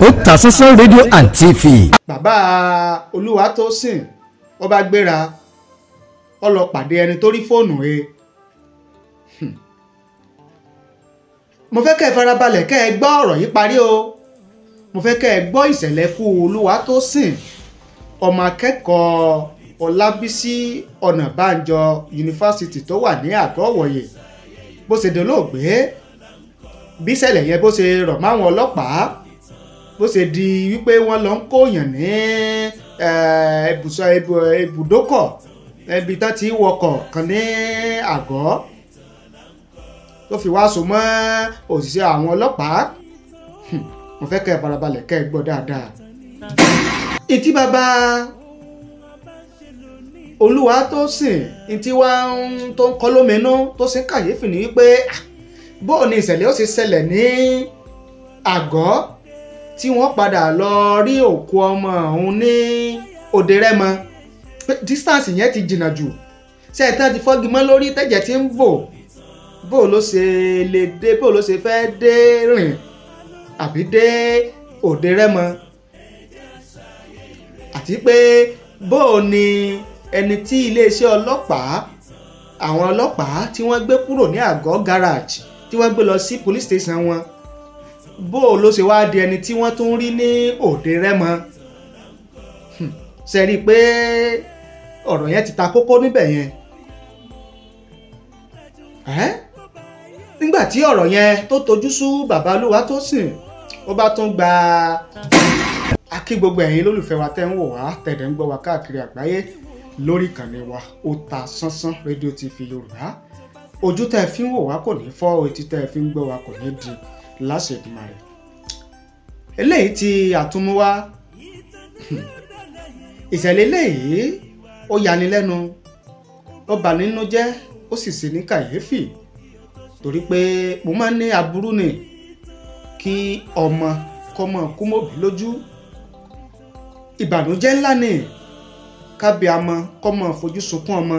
Otasansan rédíò and TV. bàbá Olúwatósìn ó bá gbéra ó lọ pàdé ẹni tó rí fóònù e mo fẹ́ kẹ́ ẹ farabalẹ̀ kẹ́ ẹ gbọ́ ọ̀rọ̀ yìí parí o mo fẹ́ kẹ́ ẹ gbọ́ ìṣẹ̀lẹ̀ kú Olúwatósìn ọmọ akẹ́kọ̀ọ́ Ọlábísí Ọ̀nàbànjọ yunifásitì tó wà ní Àgọ́-Ìwòyè bó ṣe dolóògbé bí ìṣẹ̀lẹ̀ yẹn bó ṣe rọ̀ máwọn ọlọ́pàá bó ṣe di wípé wọ́n lọ ń kóyàn ní ibùdókọ̀ ibi tán ti wọkọ̀ kan ní àgọ́ tó fi wá so mọ́ òṣìṣẹ́ àwọn ọlọ́pàá mo fẹ́ kẹ́ ẹ farabalẹ̀ kẹ́ ẹ gbọ́ dáadáa. ìtí bàbá olúwa tó sìn ìtí wa tó ń kọ́ lóminú tó sì ń kàyéfì ní wípé bóò ni ìṣẹ̀lẹ̀ ó sì ṣẹlẹ̀ ní àgọ́ tí wọ́n padà lọ rí òkú ọmọ ọ̀hún ní òde rẹ́mọ distance yẹn ti jìnnà jù ṣe é tán ti fọ́gi mọ́ lórí tẹ̀jẹ̀ tí ń bò bó ló ṣe lè dé bó ló ṣe fẹ́ dé rìn àbí dé òde rẹ́mọ àti pé bó ni ẹni tí iléeṣẹ́ ọlọ́pàá àwọn ọlọ́pàá tí wọ́n gbé kúrò ní àgọ́ garage tí wọ́n gbé lọ sí police station wọn bó o ló ṣe wá di ẹni tí wọ́n tún rí ní òde rẹ́mọ hmm. ṣe rí i pé ọ̀rọ̀ yẹn ti ta kókó níbẹ̀ yẹn nígbà tí ọ̀rọ̀ yẹn tó tojú sú bàbá olúwa tó sìn ó bá tún gba akí gbogbo ẹ̀yin lólùfẹ́ wa tẹ́ ń wò wá tẹ̀lé ń gbọ́ wa káàkiri àgbáyé lórí ìkànnì wa Otasansan rédíò TV Yorùbá ojú tẹ́ fi ń wò wá kò ní fọ́ etí tẹ́ fi ń gbọ́ wa kò ní di láṣẹ Èdùmàrè eléyìí ti àtúnmúwá ìṣẹ̀lẹ̀ eléyìí ó yani lẹ́nu ó bà nínú jẹ́ ó sì ṣe ní kàyéfì torí pé mo máa ń ní aburú ni kí ọmọ kọmọ kúmọ̀bí lójú ìbànújẹ́ ńlá ni kábíà ọmọ kọmọ fojú sunkún ọmọ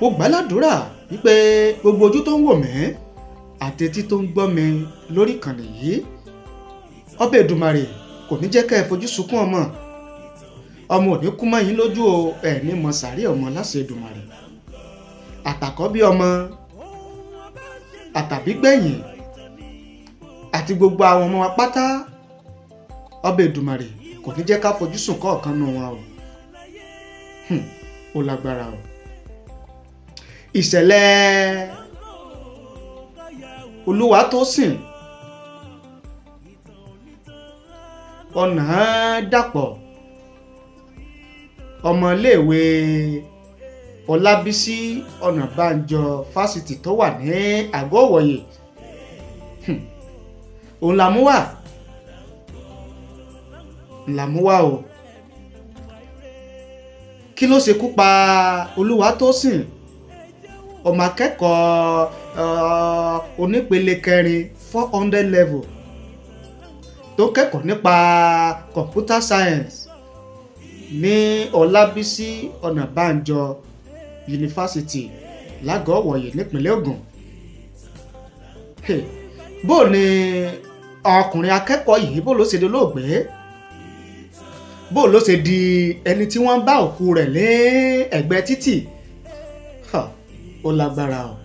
mo gbàládùra wípé gbogbo ojú tó ń wò mí àti etí tó ń gbọ́ mi lórí ìkànnì yìí ọbẹ̀ Èdùmàrè kò ní jẹ́ ká ẹ fojú sunkún ọmọ ọmọ ò ní kú mọ́ yín lójú o ẹ̀ ní mọ sàárẹ̀ ọmọ láṣẹ Èdùmàrè àtàkọ́bí ọmọ àtàbí gbẹ̀yìn àti gbogbo àwọn ọmọ wa pátá ọbẹ̀ Èdùmàrè kò ní jẹ́ ká fojú sùn kọ̀ọ̀kan nu wọn o ó lágbára o ìṣẹ̀lẹ̀ olúwatósìn ọ̀nàdàpọ̀ ọmọléèwé ọlábísí ọ̀nàbànjọ fásitì tó wà ní àgọ́ òwòye hmm. òun làmú wà làmú wà o kí ló ṣekú pa olúwatósìn ọmọ akẹ́kọ̀ọ́ onípele kẹrin four hundred level tó kẹ́kọ̀ọ́ nípa computer science ní Ọlábísí Ọ̀nàbànjọ yunifásitì lágọ̀ọ́wọ̀yè nípínlẹ̀ Ògùn bó ni ọkùnrin akẹ́kọ̀ọ́ yìí bó ló ṣe dolóògbé bó ló ṣe di ẹni tí wọ́n ń bá òkú rẹ̀ lé ẹ̀gbẹ́ títì. Huh ó lágbára o.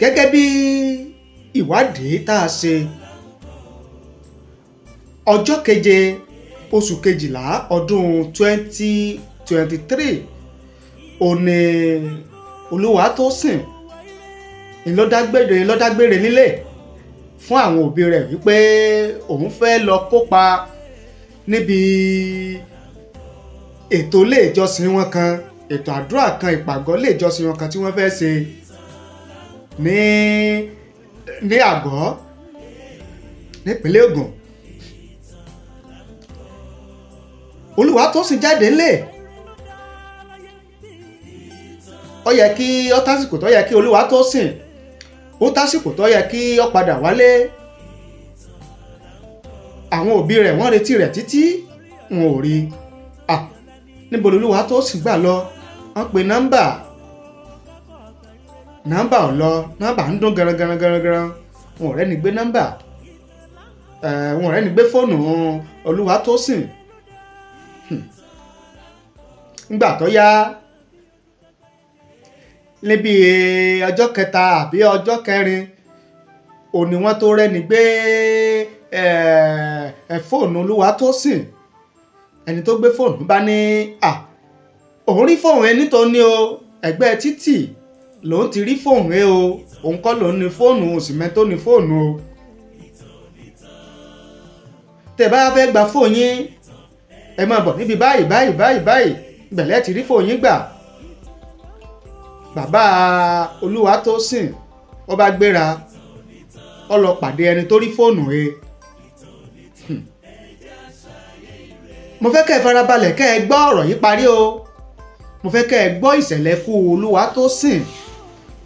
gẹ́gẹ́ bí ìwádìí tá a ṣe ọjọ́ keje oṣù kejìlá ọdún 2023 òní Olúwatósìn ńlọ́dágbére ńlọ́dágbére nílé fún àwọn òbí rẹ̀ wípé òun fẹ́ lọ kópa níbi ètò ilé ìjọsìn wọn kan ètò àdúrà kan ìpàgọ́ lè jọsìn wọn kan tí wọ́n fẹ́ ṣe ní ní àgọ́ nípínlẹ̀ Ògùn olùwà tó sì jáde lé ó yẹ kí ó tásìkò tó yẹ kí olúwa tó sìn ó tásìkò tó yẹ kí ó padà wálé àwọn òbí rẹ̀ wọ́n retí rẹ̀ títí wọn ò rí i níbo lolúwa gbà lọ wọ́n pe nọ́mbà nọ́mbà ò lọ nọ́mbà ń dún garangaran garangaran wọn ò rẹ́ni gbé nọ́mbà wọn ò rẹ́ni gbé fóònù Olúwatósìn ńgbà hmm. tó yá níbi ọjọ́ kẹta àbí ọjọ́ kẹrin òní wọn tó rẹ́ni gbé fóònù Olúwatósìn ẹni tó gbé fóònù bá ní à. Ah, òun rí fóònù ẹ nítorí ní o ẹ̀gbẹ́ títì lòun ti rí fóònù ẹ o òun kọ́ lòun ní fóònù òsìmẹ́tò ní fóònù o tẹ́ bá fẹ́ gba fóònù yín ẹ máa bọ̀ níbi báyìí báyìí báyìí báyìí ìbẹ̀lẹ́ ti rí fóònù yín gbà bàbá Olúwatósìn ó bá gbéra ó lọ pàdé ẹni tó rí fóònù ẹ hmm. mo fẹ́ kẹ́ ẹ farabalẹ̀ kẹ́ ẹ gbọ́ ọ̀rọ̀ yìí parí o mo fẹ́ kẹ́ ẹ gbọ́ ìṣẹ̀lẹ̀ kú Olúwatósìn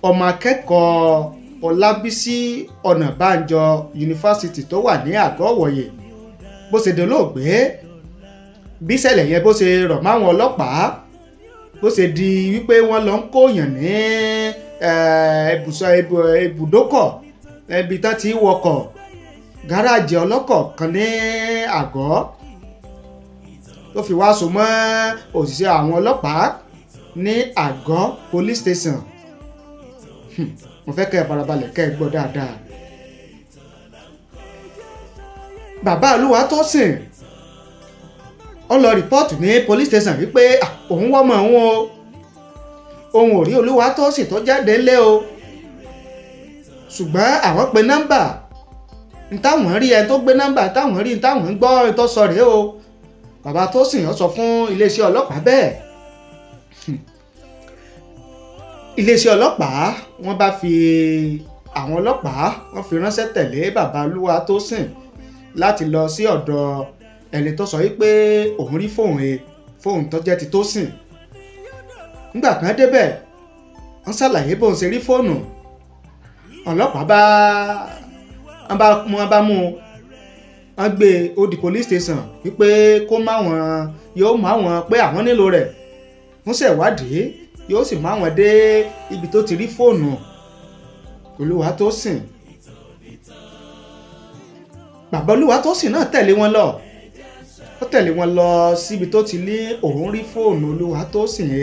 ọmọ akẹ́kọ̀ọ́ Ọlábísí Ọ̀nàbánjọ yunifásitì tó wà ní Àgọ́ Ìwòyè bó ṣe dolóògbé bí ìṣẹ̀lẹ̀ yẹn bó ṣe rọ̀ máwọn ọlọ́pàá bó ṣe di wípé wọ́n lọ ń kóyàn ní ibùdókọ̀ ibi tán ti wọkọ̀ gáràjì ọlọ́kọ̀ kan ní Àgọ́ tó fi wá so mọ́ òṣìṣẹ́ àwọn ọlọ́pàá ní àgọ́ police station hmm, mo fẹ́ kẹ́ ẹ farabalẹ̀ kẹ́ ẹ gbọ́ dáadáa. bàbá olúwa tó sìn ó lọ rìpọ́ọ̀tù ní police station wípé òun wọ́mọ òun o òun ò rí olúwa tó sìn tó jáde lé o ṣùgbọ́n àwọn pe nọ́mbà ntáwọn rí ẹni tó gbé nọ́mbà ntáwọn rí ntáwọn gbọ́ ẹni tó sọ rèé o bàbá tó sìn ó sọ fún iléeṣẹ́ ọlọ́pàá bẹ́ẹ̀ iléeṣẹ́ ọlọ́pàá wọ́n bá fi àwọn ọlọ́pàá wọ́n fi ránṣẹ́ tẹ̀lé bàbá Olúwatósìn láti lọ sí ọ̀dọ̀ ẹni tó sọ wípé òun rí fóun e fóun tó jẹ́ ti Tósìn nígbà kan débẹ̀ wọ́n ṣàlàyé bóun ṣe rí fóònù ọlọ́pàá bá wọ́n bá mú wọ́n bá mú un wọ́n gbé odi e, police station wípé kó máwọn yóò máwọn pé àwọn nílò rẹ̀ fúnṣẹ́ ìwádìí yóò sì máa wọn dé ibi tó ti rí fóònù Olúwatósìn bàbá Olúwatósìn náà tẹ̀lé wọn lọ ó tẹ̀lé wọn lọ síbi tó ti ní òun rí fóònù Olúwatósìn e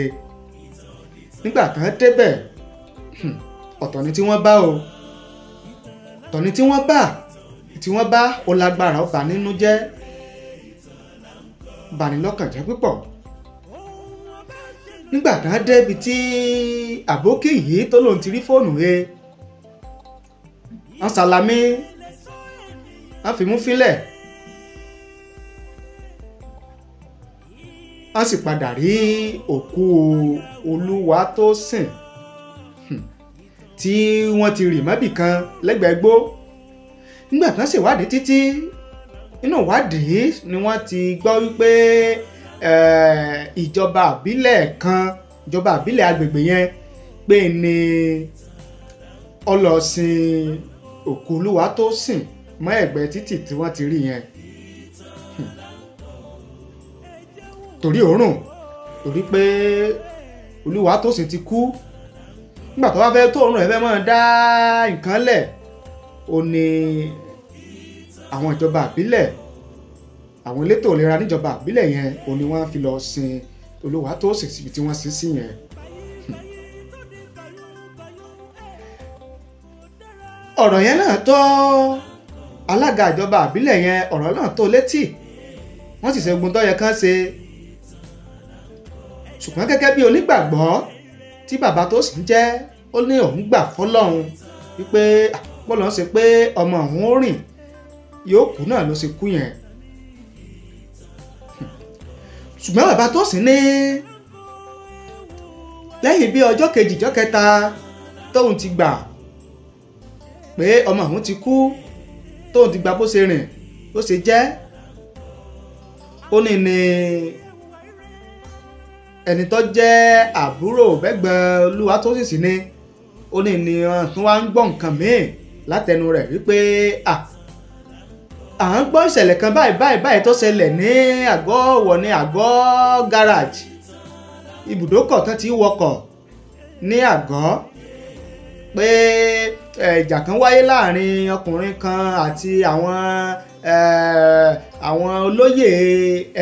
nígbà kan débẹ̀ hmm, ọ̀tọ̀ ni tí wọ́n bá o ọ̀tọ̀ ni tí wọ́n bá tí wọ́n bá ó lágbára ó nínú jẹ́ bà lọ́kàn jẹ́ púpọ̀ nígbà tá a débi tí àbókí yìí tó lòun ti rí fóònù he wọn Sàlámì wọn fi mú fílẹ̀ wọn sì padà rí òkú Olúwatósìn hmm, tí wọ́n ti rì mọ́bì kan lẹ́gbẹ̀ẹ́ gbó nígbà tí wọ́n ṣèwádìí títí inú ìwádìí ni wọ́n ti gbọ́ wípé Eh, ìjọba àbílẹ̀ kan ìjọba àbílẹ̀ agbègbè yẹn pé ní ọlọ́sìn òkú olúwa tó sìn mọ́ ẹ̀gbẹ́ títì tí wọ́n ti rí yẹn hmm. torí òórùn torí pé olúwa tó sìn ti kú nígbà tó bá fẹ́ tó òórùn ẹ̀ fẹ́ máa dá nǹkan lẹ̀ ó àwọn ìjọba àbílẹ̀ àwọn elétò ìlera níjọba àbílẹ̀ yẹn òun ni wọ́n fi lọ sin Olúwatósìn síbi tí wọ́n sin sí yẹn. ọ̀rọ̀ yẹn náà tó alága ìjọba àbílẹ̀ yẹn ọ̀rọ̀ náà tó létí wọ́n sì ṣẹ́gun tó yẹ kán ṣe ṣùgbọ́n gẹ́gẹ́ bí onígbàgbọ́ tí bàbá Tósìn jẹ́ ó ní òun gbà fọlọ́run wípé bọ́lá ṣe pé ọmọ òun ó rìn yóò kú náà ló ṣe kú yẹn ṣùgbọ́n bàbá Tósìn ní lẹ́yìn bí ọjọ́ kejì ọjọ́ kẹta tóun ti gbà pé ọmọ òun ti kú tóun ti gbà bó ṣe rìn bó ṣe jẹ́ ó ní ní ẹni tó jẹ́ àbúrò bẹ́gbẹ́ Olúwatósìn sí ni ó ní ní ọ̀tún wa ń gbọ́ nǹkan míì látẹnu rẹ̀ wípé ah à ń gbọ́ ìṣẹ̀lẹ̀ kan báyìí báyìí báyìí tó ṣẹlẹ̀ ní àgọ́ wọ̀ ní àgọ́ garage ibùdókọ̀ tán ti wọkọ̀ ní àgọ́ pé ìjà kan wáyé láàrin ọkùnrin kan àti àwọn àwọn olóyè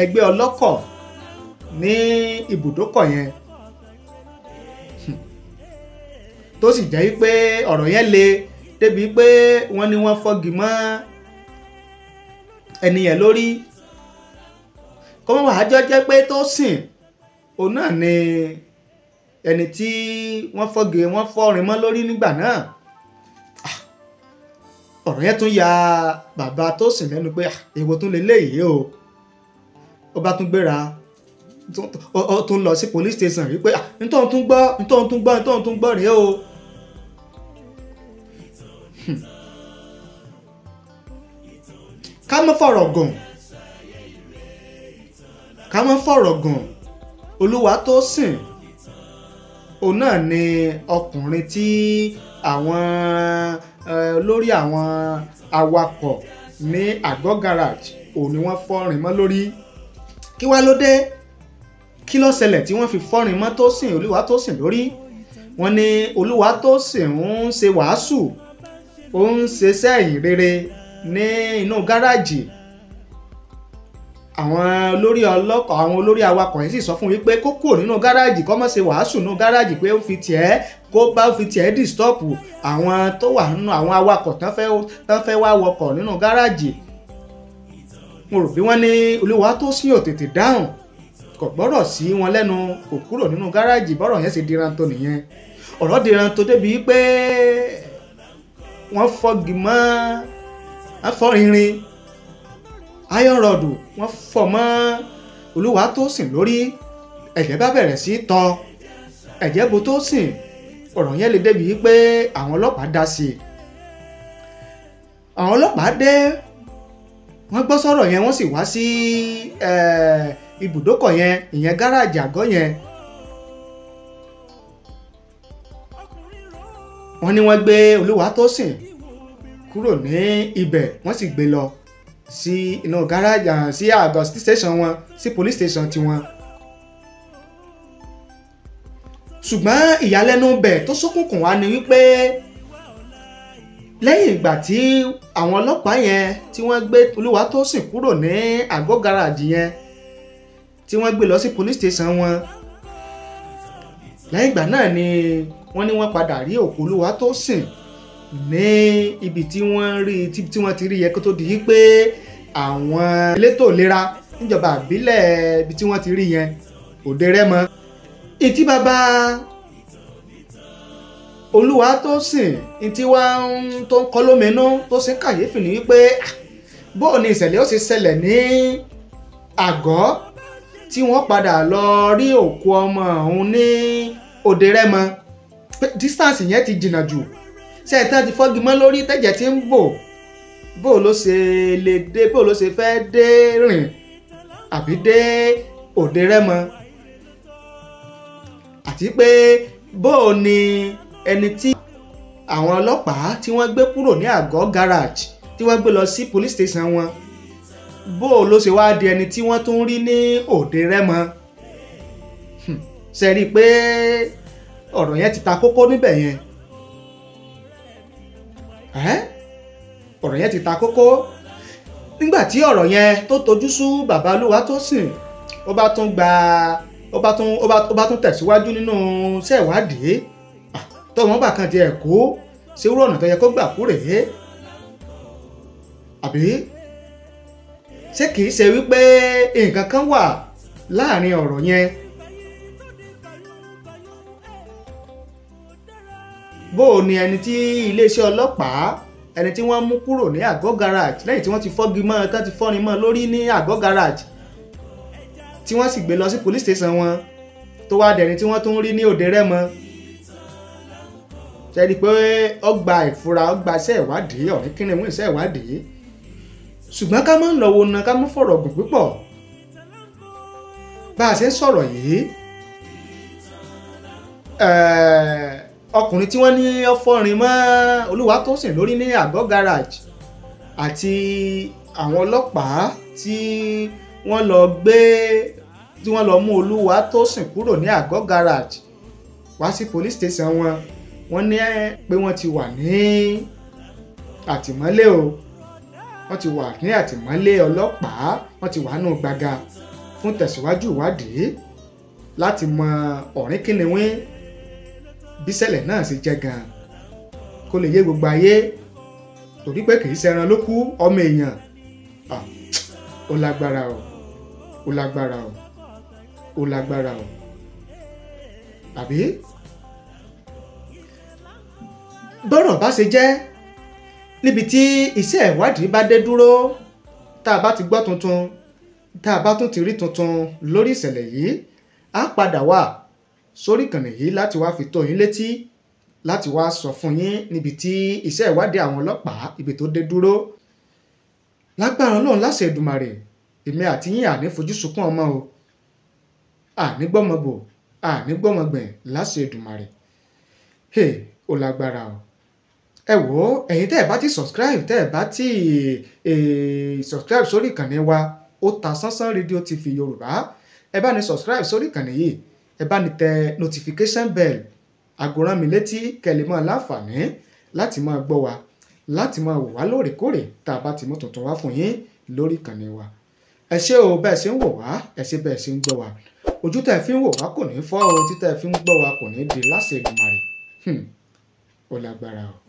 ẹgbẹ́ ọlọ́kọ̀ ní ibùdókọ̀ yẹn tó sì jẹ́ pé ọ̀rọ̀ yẹn le débi pé wọ́n ní wọ́n fọ́gi mọ́ ènìyàn lórí kọ́mọ́ wàájọ́ jẹ́ pé tó sìn òun náà ni ẹni tí wọ́n fọ́gè wọ́n fọ́rin mọ́ lórí nígbà náà ah, ọ̀rọ̀ yẹn tún ya bàbá tó sìn lẹ́nu pé ah, èwo tún leléyìí o ó bá tún gbéra ó tún lọ sí police station rí pé ah, nítorí tún gbọ́ nítorí tún gbọ́ nítorí tún gbọ́ rèé o. ká má fọ̀rọ̀ gàn ká má fọ̀rọ̀ gàn olúwa tó sìn òun náà ni ọkùnrin tí àwọn lórí àwọn awakọ̀ ní àgọ́ garage òun ni wọ́n fọ́rin mọ́ lórí kí wá ló dé kí ló ṣẹlẹ̀ tí wọ́n fi fọ́rin mọ́ tó sìn olúwa tó sìn lórí wọ́n ní olúwa tó sìn ń ṣe wàásù ó ń ṣe sẹ́yìn rere ní inú gáràjì àwọn olórí ọlọ́kọ̀ àwọn olórí awakọ̀ yìí sì sọ fún wípé kó kúrò nínú gáràjì kó má ṣe wàásù nínú gáràjì pé ó fi tiẹ̀ kó bá fi tiẹ̀ dìstọ́pù àwọn tó wà nínú àwọn awakọ̀ tán fẹ́ wá wọkọ̀ nínú gáràjì mo rò bí wọ́n ní olúwa tó sí ò tètè dáhùn kò gbọ́dọ̀ sí wọn lẹ́nu kò kúrò nínú gáràjì bọ́rọ̀ yẹn sì diran tó nìyẹn ọ̀rọ̀ diran tó débi pé wọ́n fọ́gi mọ́ afọ irin iron rod wọ́n fọ̀ mọ́ Olúwatósìn lórí ẹ̀jẹ̀ bá bẹ̀rẹ̀ sí í tọ ẹ̀jẹ̀ bo tó sìn ọ̀rọ̀ yẹn lè débi pé àwọn ọlọ́pàá dá sí i àwọn ọlọ́pàá dé wọ́n gbọ́ sọ̀rọ̀ yẹn wọ́n sì wá sí ibùdókọ̀ yẹn ìyẹn gáràjì àgọ́ yẹn wọ́n ní wọ́n gbé Olúwatósìn kúrò ní ibẹ̀ wọ́n sì gbé lọ sí inú gáràjì sí àgọ́ station wọn sí police station tiwọn. ṣùgbọ́n ìyàlẹ́nu bẹ̀ tó ṣókùnkùn wá ni wípé lẹ́yìn ìgbà tí àwọn ọlọ́pàá yẹn tí wọ́n gbé Olúwatósìn kúrò ní àgọ́ gáràjì yẹn tí wọ́n gbé lọ sí police station wọn lẹ́yìn ìgbà náà ni wọ́n ní wọ́n padà rí òkú Olúwatósìn ní ibi tí wọ́n rí tí wọ́n ti rí yẹ kó tó di pé àwọn elétò ìlera níjọba àbílẹ̀ ibi tí wọ́n ti rí yẹn òde rẹ́mọ. ìtí bàbá olúwa tó sìn ìtí wa tó ń kọ́ lóminú tó sì ń kàyéfì ní wípé ah, bóò ni ìṣẹ̀lẹ̀ ó sì ṣẹlẹ̀ ní àgọ́ tí wọ́n padà lọ rí òkú ọmọ ọ̀hún ní òde rẹ́mọ distance yẹn ti jìnnà jù ṣe ìtàn ti fọ́gi mọ́ lórí tẹ̀jẹ̀ tí ń bò bó ló ṣe lè dé bó ló ṣe fẹ́ dé rìn àbí dé òde rẹ́mọ àti pé bó ni ẹni tí àwọn ọlọ́pàá tí wọ́n gbé kúrò ní àgọ́ garage tí wọ́n gbé lọ sí police station wọn bó ló ṣe wá di ẹni tí wọ́n tún rí ní òde rẹ́mọ ṣe rí i pé ọ̀rọ̀ yẹn ti ta kókó níbẹ̀ yẹn ọ̀rọ̀ yẹn ti ta kókó nígbà tí ọ̀rọ̀ yẹn tó tojú sú bàbá Olúwatósìn ó bá tún gba ó bá tún ó bá tún tẹ̀síwájú nínú iṣẹ́ ìwádìí tọ́wọ́n bá kan tiẹ̀ kó ṣé irú ọ̀nà tó yẹ kó gbà kú rèé àbí ṣé kìí ṣe wípé nǹkan kan wà láàrin ọ̀rọ̀ yẹn bó o ní ẹni tí iléeṣẹ́ ọlọ́pàá ẹni tí wọ́n mú kúrò ní àgọ́ garage lẹ́yìn tí wọ́n ti fọ́gi mọ́ tán ti fọ́ni mọ́ lórí ní àgọ́ garage tí wọ́n sì gbé lọ sí police station wọn tó wá dẹni tí wọ́n tún rí ní òde rẹ́mọ ṣẹ́ni pé ọgbà ìfura ọgbà iṣẹ́ ìwádìí ọ̀rẹ́ kíni mú iṣẹ́ ìwádìí ṣùgbọ́n ká má ń lọ wo na ká má fọ̀rọ̀ gùn púpọ̀ bá a ṣe ń sọ̀rọ̀ yìí ẹ̀ẹ́ ọkùnrin tí wọ́n ní ọfọrin mọ́ Olúwatósìn lórí ní àgọ́ garage àti àwọn ọlọ́pàá tí wọ́n lọ gbé tí wọ́n lọ mú Olúwatósìn kúrò ní àgọ́ garage wá sí police station wọn wọ́n ní pé wọ́n ti wà ní àtìmọ́lé o wọ́n ti wà ní àtìmọ́lé ọlọ́pàá wọ́n ti wà nù gbaga fún tẹ̀síwájú ìwádìí láti mọ ọ̀rìnkìnìwín bíṣẹ̀lẹ̀ náà sì jẹ́ gan-an kó lè yé gbogbo ayé torí pé kì í ṣẹran ló kú ọmọ èèyàn ó lágbára o ó lágbára o ó lágbára o àbí bọ́rọ̀ bá ṣe jẹ́ níbi tí iṣẹ́ ìwádìí bá dé dúró tá a bá ti gbọ́ tuntun tá a bá tún ti rí tuntun lórí ìṣẹ̀lẹ̀ yìí á padà wá sórí ìkànnì yìí láti wá fi tó yín létí láti wá sọ fún yín níbi tí iṣẹ́ ìwádìí àwọn ọlọ́pàá ibi tó dé dúró lágbára Ọlọ́run láṣẹ Èdùmàrè èmi àti yín àní fojú sunkún ọmọ o àní gbọ́mọgbò àní gbọ́mọgbìn láṣẹ Èdùmàrè he ó lágbára o ẹ wò ó ẹ̀yin tẹ́ ẹ bá ti subscribe tẹ́ ẹ bá ti e, subscribe sórí ìkànnì wa ó ta sánsán rédíò TV Yorùbá ẹ bá ní subscribe sórí ìkànnì yìí ẹ bá ní tẹ notification bell àgòrán mi létí kẹlẹ́ máa láǹfààní láti máa gbọ́ wa láti máa wò wá lóòrèkóòrè tá a bá ti mú tuntun wá fún yín lórí ìkànnì wa ẹ ṣé o bẹ́ẹ̀ ṣe ń wò wá ẹ ṣé bẹ́ẹ̀ ṣe ń gbọ́ wa ojú tẹ́ fi ń wò wá kò ní fọ́ o títẹ́ fi ń gbọ́ wa kò ní di láṣẹ Èdùmàrè hmm, ó lágbára o.